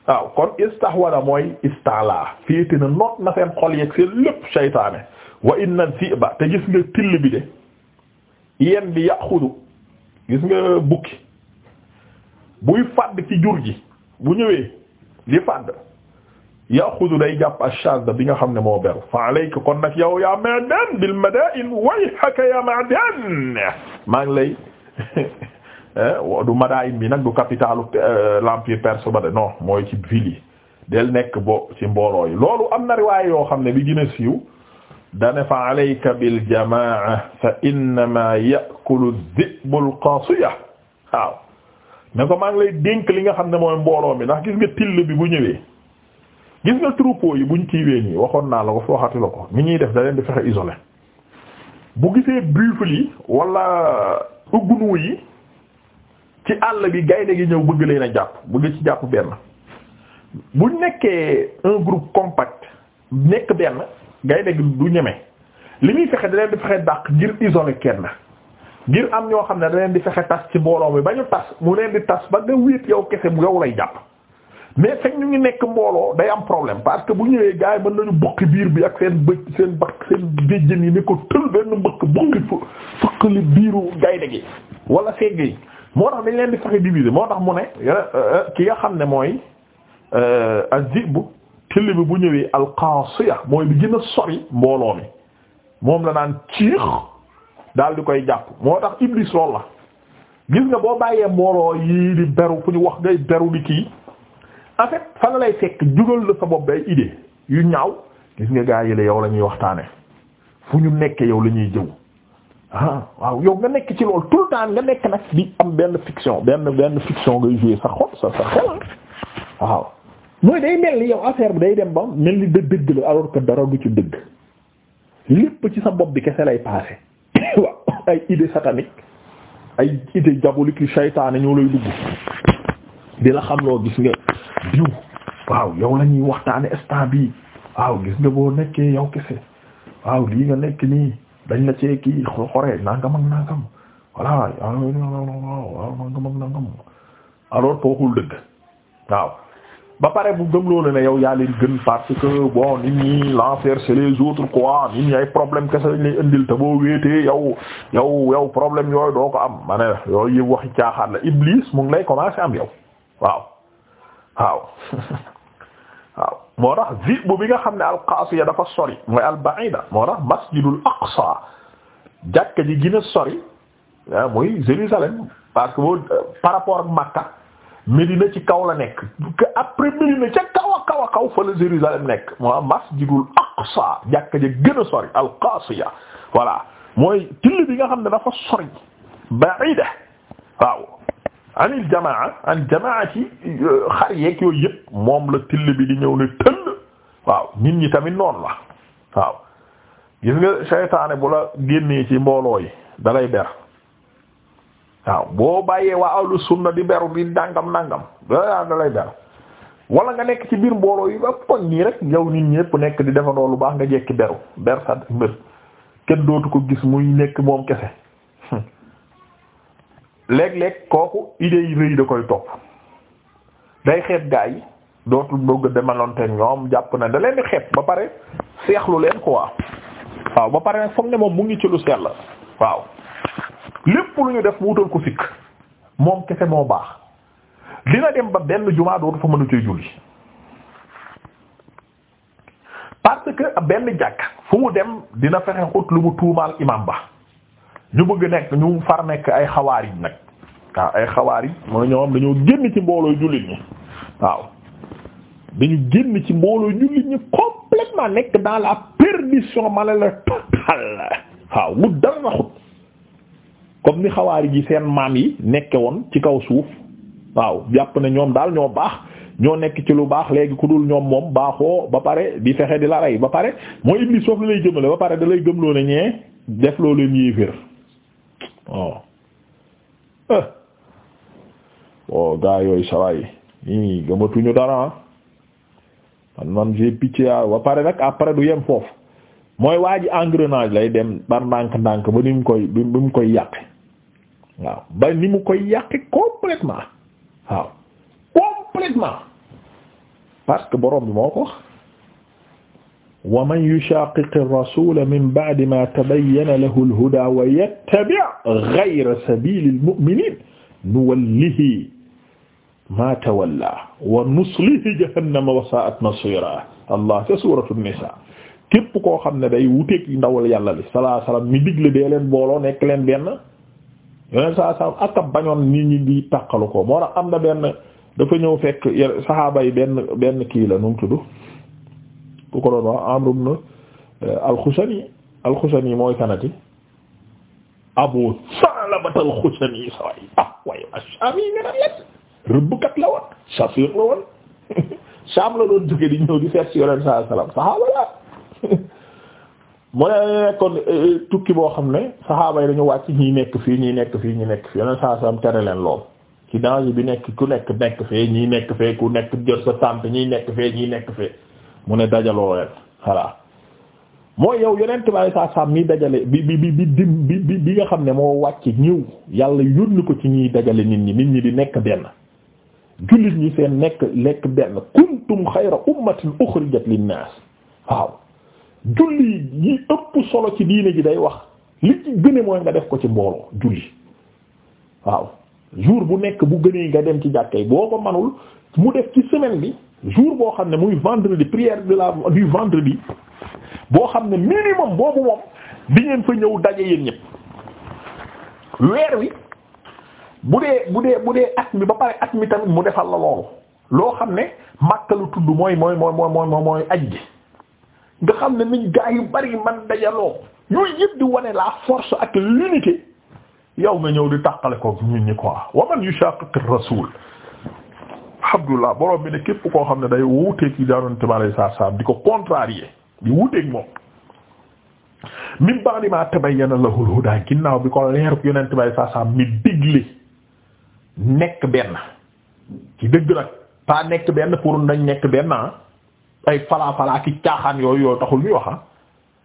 waaw kon istahwada mooy istala féete na noot na seen xol yeeg seen lépp saytaane wa inna thiba te gis nga till bi de yéen bi yaxudu gis nga bukki buy fàdd ci jur ji bu ñëwee li fàdd yaxudu day jàpp ashadda bi nga xam ne moo beru fa alayka kon nag yow yaa ma'dan bil mada'in wayhaka yaa ma'dan maa ngi lay <laughs> Eh, du Madain bi nag du capitalu eh, l'empire perse ba de non mooy ci ville del nekk bo ci mbooloo yi loolu am na riwaay yoo xam ne bi gën a siiw dane fa alayka bil jamaa fa innama yakulu dhibul qasiya waaw ne ko maa ngi lay dénk li nga xam ne mooy mbooloo mi ndax gis nga till bi bu ñëwee gis nga troupeau yi buñ kiiwee nii waxoon naa la ko waxati la ko ni ñuy def da leen di fexe isolé bu gisee buffle yi wala uggunuwu yi ci àll bi gaynde gi ñëw bëgg leen jàpp bëgg ci jàpp benn bu nekkee un groupe compact nekk benn gaynde gi du ñeme li muy fexe da leen di fexe dàq ngir isoler kenn ngir am ñoo xam ne da leen di fexe tas ci mbooloo bi ba ñu tas mu leen di tas ba nga wéet yow kese yow lay jàpp mais fekk ñu ngi nekk mbooloo day am problème parce que bu ñëwee gars yi mën nañu bokki biir bi ak seen bë seen bak seen géjjën yi ni ko tël benn mbëkk bokki fëkkali biiru gaynde gi wala segg moo tax dañ leen di fexe diviser moo tax mu ne euh, ki nga xam ne mooy euh, az-zibu till bi bu ñëwee al-qaasiya mooy bi gën a sori mbooloo mi moom la daan ciix daal di koy jàpp moo tax iblis lool la gis nga boo bàyyee mbooloo yii di beru fu ñu wax ngay beru di kii en fait fa la lay fekk jugal la sa bopp bi ay idée yu ñaaw gis nga gaa yi la yow la ñuy waxtaane fu ñu nekkee yow la ñuy jëw ah waaw yow nga nekk ci loolu tout le temps nga nekk nag di am benn fiction benn benn fiction ngay jouer sa xol sa sa xel waaw mooy day mel ni yow affaire bi day dem ba mel ni da dëgg la alors que dara du ci dëgg lépp ci sa bopp bi kese lay passé <laughs> waaw ay idée satanique ay idée diabolique yu seytaane ñoo lay dugg di la xam loo gis nga diw waaw yow la ñuy waxtaane instant waaw gis nga boo nekkee yow kese waaw lii nga nekk nii dañ la cee kii xoree nangam ak nangam ah, nangam ak nangam alors dëgg waaw ba pare bu gëm loolu ne yow yaa leen gën parce que bon nit ñi l'enfer c'est les autres quoi nit ñi ay problème kese lañ lay indil ta boo wéetee yow yow yow problème yooyu doo ko am ma ne la yooyu yëpp waxi caaxaan la Iblis mu lay commencer am yow waaw waaw <laughs> moo tax zibu bi nga xam ne alqaasiya dafa sori mooy albaida moo tax masjidul aqsa jàkka ji gën a sori ah muy Jérusalem parce que boo euh, par rapport ak Makka Médina ci kaw la nekk que après Médina ca kaw a kaw fa la Jérusalem nekk moo tax masjidul aqsa jàkka ji gën a sori alqaasiya voilà mooy till bi nga xam ne dafa sori baida waaw anil jamaa an jamaa ci euh, xar yooyu yëpp moom la till bi di ñëw ne tëll waaw nit ñi tamit noon la waaw gis nga seytaane bu la génnee ci mbooloo yi dalay ber waaw boo bàyyee waa ahlu sunna di beru di dàngam nàngam da dalay ber wala nga nekk ci biir mbooloo yi ba poñ nii rek yow nit ñépp nekk di defandoo lu baax nga jekki beru ber sa mbir kenn dootu ko gis muy nekk moom kese léeg-léeg kooku idées yi rëy da koy topp day xeet gaa yi dootul bëgg demalonte ñoom jàpp na da leen di xeeb ba pare seexlu leen quoi waaw ba pare nag foog ne moom mu ngi ci lu la waaw lépp lu ñu def mu wutal ko sikk moom kese moo baax dina dem ba benn jumaa dootu fa mënu cee julli parce benn jàkk fu mu dem dina fexe xut lu mu tuumaal imam ba ñu bëgg nekk ñu far nekk ay xawaar yi nag waaw ay xawaar yi mooy ñoom dañoo génn ci mbooloo jullit ñi waaw dañu génn ci mbooloo jullit ñi complètement nekk daal ak perdition mala la totale waaw mu dara raxut comme ni xawaar ji seen maam yi nekke woon ci kaw suuf waaw jàpp ne ñoom daal ñoo baax ñoo nekk ci lu baax léegi ku dul ñoom moom baaxoo ba pare di fexe di la rey ba pare moo iblis foofu lay jëmale ba pare dalay lay gëmloo ne ñee def loo leen yéeféer waaw bon gaa yooyu saway nii gëmatuñu dara ah. man man j'ai pitié ah. ba pare nag après du yem foofu mooy waa ji engrenage lay dem par ndànk-ndànk ba ni mu koy bi mu koy yàq waaw ba ni mu koy yàqi complètement waaw complètement parce que borom bi moo ko wa man yushaqiqi rasula min ba'di ma tabayyana lahu al-huda wa yattabi' ghayra sabili al-mu'minin nuwallihi ma tawalla wa nuslihi jahannama wa sa'at masira allah ca suratu nisa képp koo xam ne day wuteeg ndawal yàlla li sallallahu alayhi wasallam mi digle dee leen booloo nekk leen benn yoneen sallallahu alayhi wasallam ak a bañoon nit ñi di tàqalu ko moo tax am na benn dafa ñëw fekk saxaaba yi benn benn kii la nu mu tudd ku ko doon wax Amr ibn euh, al-Khushani al-Khushani mooy kanati Abu Salabata al-Khushani saway ah waaye Ashami nga naan lan rëbbkat la woon chasseur la woon <laughs> Sham la doon jóge di ñëw di seet ci Yonent sallallahu alayhi wasallam saxaaba la <laughs> mu ne kon euh, tukki boo xam ne saxaaba yi dañu wàcc ñi nekk fii ñi nekk fii ñi nekk fii Yonent sallallahu alayhi wasallam tere leen lool ci danger bi nekk ku nekk nekk fee ñi nekk fee ku nekk jot sa tànt ñi nekk fee ñi nekk fee mu ne dajaloo leen voilà mooy yow yonent bi saa saam mi dajale bi bi bi bi bi nga xam ne moo wàcc ñëw yàlla yónni ko ci ñuy dajale nit ñi nit ñi di nekk benn jullit ñi seen nekk lekk benn kuntum xayra ummatin uxrijat linnaas waaw julli yi ëpp solo ci diine ji day wax li ci gëne mooy nga def ko ci mbooloo julli waaw jour bu nekk bu gënee nga dem ci jàkkee boo ko manul mu def ci semaine bi jour boo xam ne muy vendredi prière de la du vendredi boo xam ne minimum boobu moom di ngeen fa ñëw daje yéen ñëpp weer wi bu dee bu dee bu dee at mi ba pare at mi tamit mu defal la loolu loo xam ne Makka lu tudd mooy mooy mooy mooy mooy aj gi nga xam ne nit gaa yu bari man dajaloo ñooyu yëpp di wane la force ak l'unité yow nga ñëw di tàqale ko ñun ñi quoi wa man yushaqiq ar-rasul Abdullah borom bi ne képp koo xam ne day wuuteeg yi daanoon tamale saa saa di ko contrarier di wuuteeg moom. min ba'di ma tabayyana lahul huda ginnaaw bi ko leer yonent bay saa saa mi digle nekk benn ci dëgg nag pas nekk benn pour nañ nekk benn ah. ay falaa falaa ki caaxaan yooyu yooyu taxul muy wax ah.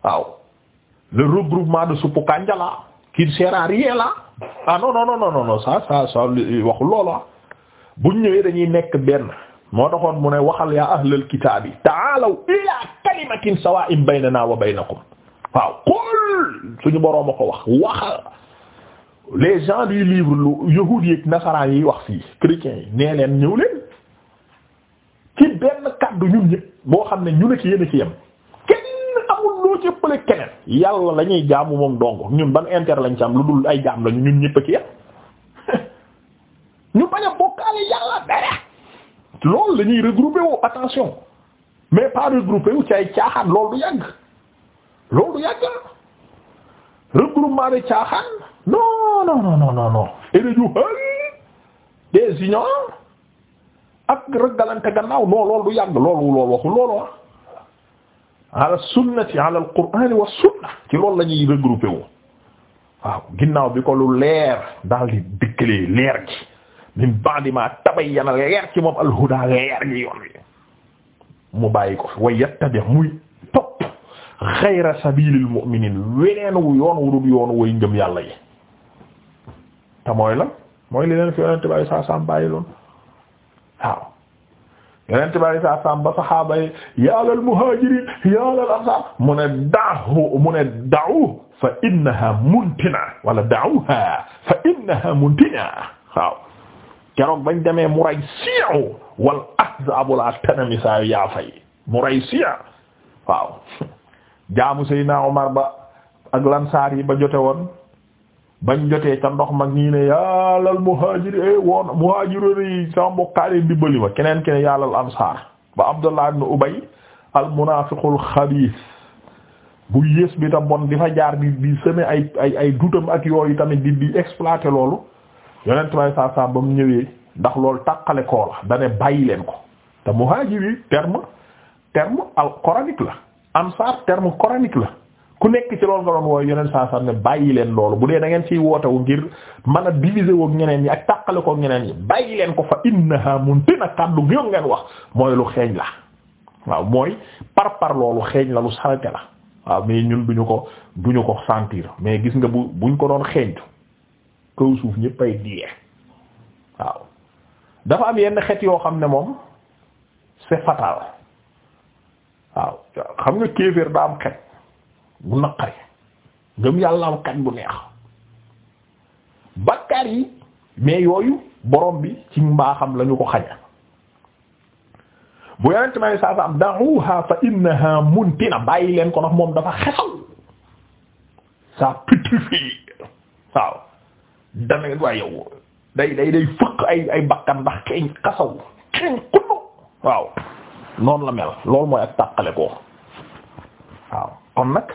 waaw le regroupement de suppu kànja la qui ne sert à rien là ah non non non non waxul loolu ah. buñ ñëwee dañuy nekk benn moo taxoon mu ne waxal yaa ahlal kitaabi taalaw ilaa kalimatin sawaa'in baynanaa wa baynakum waaw qul suñu boroom ko wax waxal les gens du livre lu yahuud yi ak nasaraan yi wax fii chrétiens yi nee leen ñëw leen ci benn kàddu ñun ñëpp boo xam ne ñu ne ci yéen a ci yem kenn amul loo ci keneen yàlla la ñuy jaamu moom dong ñun ban intérêt lañ ci am lu dul ay jaam lañu ñun ñëpp a ci yem ñu bañ a bokkaale yàlla dara loolu la ñuy wu attention mais pas regroupé wu ci caaxaan loolu du yàgg loolu du yàgg regroupement de caaxaan non non non non non non et de ñu des unions ak ragalante gannaaw non loolu du yàgg loolu loolu waxul loolu wax ah. ala sunnati ala alqur'ani wa sunna ci lool la ñuy regroupé wu ginnaaw bi ko lu leer daal di dëkkalee leer gi min ba'di ma tabayyana leer ci moom alhuda leer gi yoon wi mu bàyyi ko fi wa yattabi muy topp xayra sabilil mu'minin weneen wu yoon wudul yoon way ngëm yàlla yi te mooy la mooy li leen fi yonente bàyyi saa saam bàyyi loon waaw yonente bàyyi saa saam ba saxaaba yi ya lal muhajirin ya lal ansar mu ne daahu mu ne da'u fa innaha muntina wala da'uha fa innaha muntina waaw keroog bañ demee muray siiw wal ahzaabu la tanamisaa yaa fay muray siiw waaw <laughs> jaamu Seydina Omar ba ak lansaar yi ba jote woon bañ jotee ca ndox mag ñii ne yàllal muhaajir e woon muhaajironi sama mbokkaale ma keneen keneen yàllal ansaar ba Abdullah ibn Ubay al munaafiqul xabiis bu yées bi ta bon di fa jaar di seme ay ay ay ak yooyu tamit di di loolu yonent bay saa saa ba mu ñëwee ndax loolu tàqale koo la dane bàyyi leen ko te muhaajir yi terme terme al coranique la ansaar term coranique la ku nekk ci loolu nga doon wooy yeneen saa saa ne bàyyi leen loolu bu dee da ngeen ciy wootewu ngir mën a diviser woog ñeneen ñi ak tàqale koog ñeneen ñi bàyyi leen ko fa innaha muntina kàddu gi ngeen wax mooy lu xeeñ la waaw mooy par par loolu xeeñ la lu salte la waaw mais ñun duñu ko duñu ko sentir mais gis nga bu buñ ko doon xeeñtu kaw suuf ñëppay diye waaw dafa am yenn xeet yoo xam ne moom c'est fatal waaw xam nga kéeféer daa am xet bu naqari ngëm yàlla am xet bu neex bakkaar yi mais yooyu borom bi ci mbaaxam lañu ko xaña bu yonent ma saa sa am da'uha fa innaha muntina bàyyi leen ko ndax moom dafa xesaw ça putrifie waaw dana waaye yow day day day fëq ay bakkan ndax keeñ xasaw keeñ xundu waaw noonu la mel loolu mooy ak tàqale ko waaw kon nag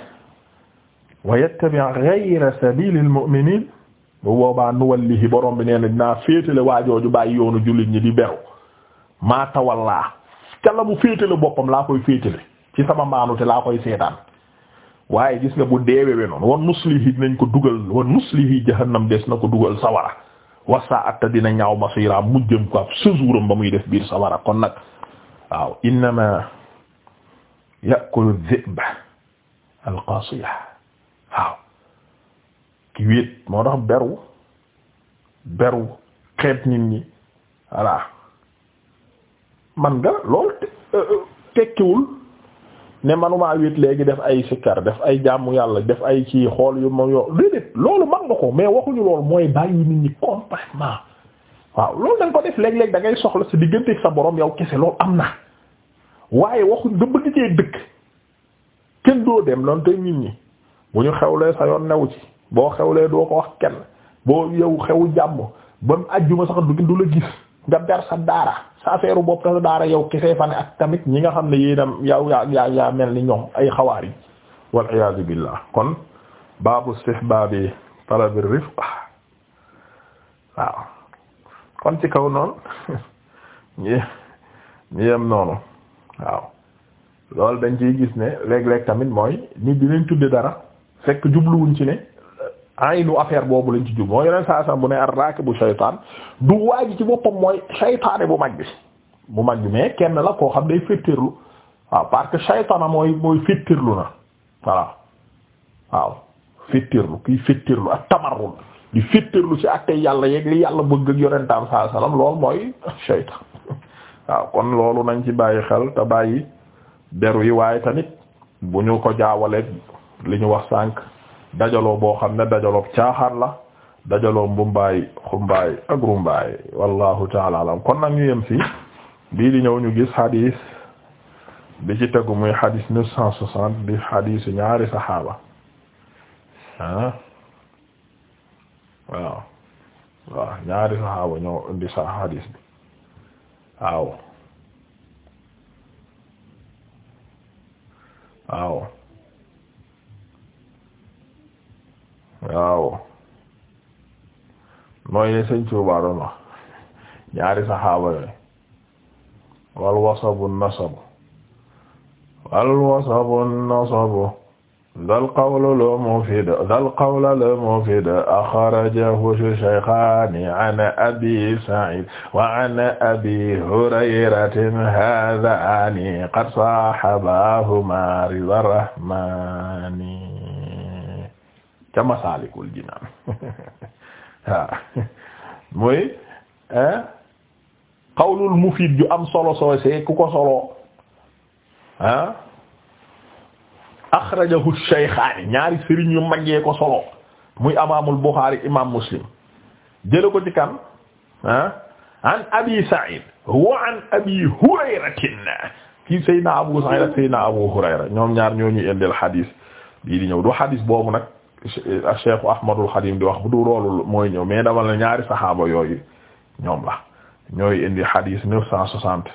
wa yattabi' ghayra sabilil mu'minin bu boobaa nuwallihi borom bi nee na dinaa féetale waajooju bàyyi yoonu jullit ñi di beru maa tawallaa ca la mu féetale boppam laa koy féetale ci sama maanu te laa koy seetaan waaye gis nga bu deewewee noonu wan nuslihi dinañ ko dugal wan nuslihi jahannam des na ko dugal sa sawara wasa atta dina ñaaw masira mujjëm ko ab séjouram ba muy def biir sawara kon nag waaw innama yakulu dhi'b alqasiya waaw ki wéet moo tax beru beru xeeb nit ñi voilà man nga lool euh, euh, tekkiwul ne manumaa wét léegi def ay sikkar def ay jàmm yàlla def ay ci xool yu ma yo déedéet loolu mag nga ko mais waxuñu loolu mooy bàyyi nit ñi complètement waaw loolu da ko def léeg-léeg da ngay soxla sa digganteeg sa borom yow kese loolu am na waaye waxuñ nga bëgg cee dëkk kenn doo dem noonu te nit ñi bu ñu xewlee sa yoon newu ci boo xewlee doo ko wax kenn boo yow xewu jàmm ba mu àjjuma sax du du la gis nga ber sa daara sa affaire bopp ta sa yow kese fa ne ak tamit ñi nga xam ne yéenam yow yaa yaa yaa mel ni ñoom ay xawaar yi wal iyaazu billah kon baabu istihbaabi talabi rifq waaw kon ci kaw noonu <laughs> ñi ñi yem noonu waaw loolu dañ ciy gis ne léeg-léeg tamit mooy nit dinañ tudde dara fekk jubluwuñ ci ne aynu affaire boobu lañ ci jub moo yeneen saa saa bu ne ar-raakibu shaytaan du waa ji ci boppam mooy shaytaane bu mag bi bu mag bi mais kenn la koo xam day féttirlu waaw parce que shaytaana mooy mooy féttirlu na voilà waaw féttirlu kiy féttirlu ak tamarrul di féttirlu ci àtte yàlla yeeg li yàlla bëgg ak yonentam saa salaam lool mooy shaytaan <laughs> waaw kon loolu nañ ci bàyyi xel te bàyyi deru yi waaye tamit bu ñu ko jaawalee li ñu wax sànk dajaloo boo xam ne dajaloo caaxaan la dajaloo mbumbaay xumbaay ak rumbaay wallahu taala alam kon nag ñu yem fi bii di ñëw ñu gis hadis bi ci tegu muy hadis neuf cent soixante di hadisu ñaari saxaaba ah waaw waaw ñaari saxaaba ñoo indi sa hadis bi waaw waaw waaw mooy ne sëñ Tuubaa doon wax ñaari saxaaba yooyu wal wasabu nasabu wal wasabu nasabu dal qawlu la mufid dal qawla la mufid axrajahu shaykhaani an abi Sa'iid wa an abi Hurayratin haadhaani qad saahabahumaa ridaa rahmaani ca Masaalikul Jinaan waaw <laughs> mooy xawlul eh, mufiid ju am solo soosee ku ko solo ah axrajahu shaykhaani ñaari sëriñ yu màggee ko solo muy imaamul Buxaari imaam Muslim jële ko ci kan ah an Abi Sa'iid wa an Abi Hurayratin kii Seydina Abu Sa'iid ak Abu Hurayra ñoom ñaar ñoo ñuy indil xadiis bii di ñëw du xadiis boobu nag Cheikh Ahmadul Xadim di wax bu du loolu mooy ñëw mais dama la ñaari saxaaba yooyu ñoom la ñooy indi xadiis neuf cent soixante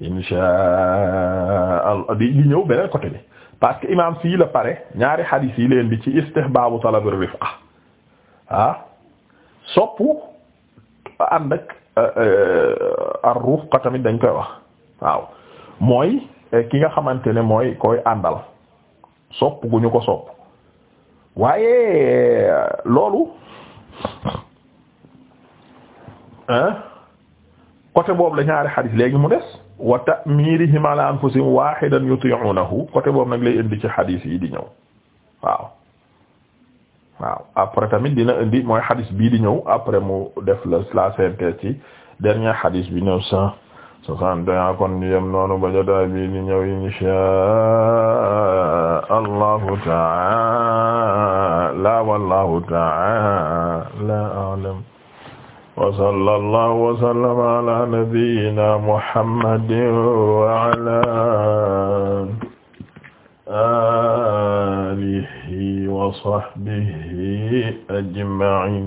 inshaa di ñëw beneen côté bi parce que imam fii la pare ñaari xadiis yi leen di ci istihbaabu talab rifqa ah soppu ànd ak euh, euh, ar rufqa tamit dañ koy wax waaw mooy ki nga xamante ne mooy koy àndal sopp gu ñu ko sopp waaye eh, loolu côté boobu la ñaari xadis léegi mu des wa ta'mirihim ala anfusihim wahidan yuti'unahu côté boobu nag lay indi ci xadis yi di ñëw waaw waaw après tamit dina indi mooy xadis bii di ñëw après mu def la la synthèse ci dernier xadis bi ñëw cent soixante ans kon ñu yem noonu ba jotaay bi di ñëw inshaa Allahu ta'ala wallahu ta'ala a'lam wa sallallahu wa sallama ala nabiyyina Muhammadin wa ala alihi wa sahbihi ajma'in